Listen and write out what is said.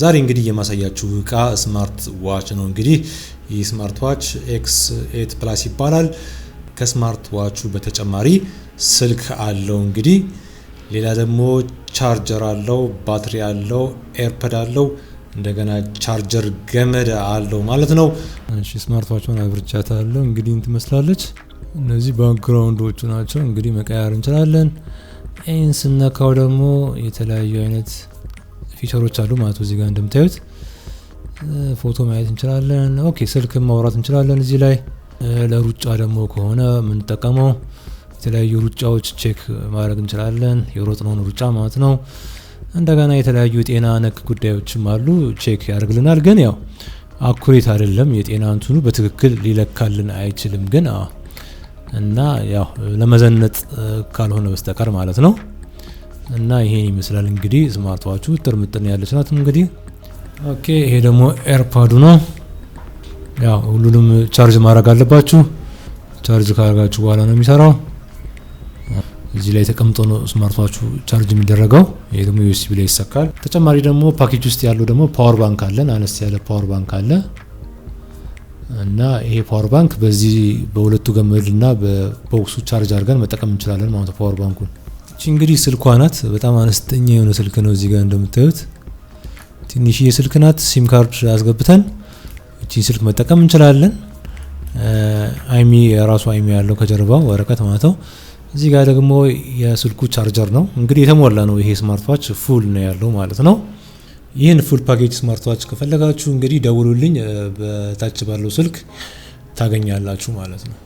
ዛሬ እንግዲህ የማሳያችሁ እቃ ስማርት ዋች ነው። እንግዲህ ይህ ስማርት ዋች ኤክስ ኤት ፕላስ ይባላል። ከስማርት ዋቹ በተጨማሪ ስልክ አለው። እንግዲህ ሌላ ደግሞ ቻርጀር አለው፣ ባትሪ አለው፣ ኤርፐድ አለው፣ እንደገና ቻርጀር ገመድ አለው ማለት ነው። እሺ ስማርት ዋችን አለው። እንግዲህ ትመስላለች። እነዚህ ባክግራውንዶቹ ናቸው። እንግዲህ መቀያር እንችላለን። ይህን ስነካው ደግሞ የተለያዩ አይነት ፊቸሮች አሉ ማለት እዚህ ጋር እንደምታዩት ፎቶ ማየት እንችላለን። ኦኬ ስልክ ማውራት እንችላለን። እዚህ ላይ ለሩጫ ደግሞ ከሆነ የምንጠቀመው የተለያዩ ሩጫዎች ቼክ ማድረግ እንችላለን። የሮጥነውን ሩጫ ማለት ነው። እንደገና የተለያዩ የጤና ነክ ጉዳዮችም አሉ ቼክ ያደርግልናል። ግን ያው አኩሬት አይደለም የጤና እንትኑ በትክክል ሊለካልን አይችልም። ግን እና ያው ለመዘነጥ ካልሆነ በስተቀር ማለት ነው። እና ይሄን ይመስላል እንግዲህ ስማርትዋቹ ምጥን ያለች ናት። እንግዲህ ኦኬ፣ ይሄ ደግሞ ኤርፓዱ ነው። ያው ሁሉንም ቻርጅ ማድረግ አለባችሁ። ቻርጅ ካርጋችሁ በኋላ ነው የሚሰራው። እዚህ ላይ ተቀምጦ ነው ዋቹ ቻርጅ የሚደረገው። ይሄ ደግሞ ዩኤስቢ ላይ ይሰካል። ተጨማሪ ደግሞ ፓኬጅ ውስጥ ያለው ደግሞ ፓወር ባንክ አለን። አነስ ያለ ፓወር ባንክ አለ እና ይሄ ፓወር ባንክ በዚህ በሁለቱ ገመድና በቦክሱ ቻርጅ አድርገን መጠቀም እንችላለን ማለት ፓወር ባንኩን እቺ እንግዲህ ስልኳ ናት። በጣም አነስተኛ የሆነ ስልክ ነው እዚህ ጋር እንደምታዩት ትንሽዬ ስልክ ናት። ሲም ካርድ አስገብተን እቺን ስልክ መጠቀም እንችላለን። አይሚ የራሱ አይሚ ያለው ከጀርባው ወረቀት ማለት ነው። እዚህ ጋር ደግሞ የስልኩ ቻርጀር ነው። እንግዲህ የተሞላ ነው ይሄ ስማርትዋች ፉል ነው ያለው ማለት ነው። ይህን ፉል ፓኬጅ ስማርትዋች ከፈለጋችሁ እንግዲህ ደውሉልኝ፣ በታች ባለው ስልክ ታገኛላችሁ ማለት ነው።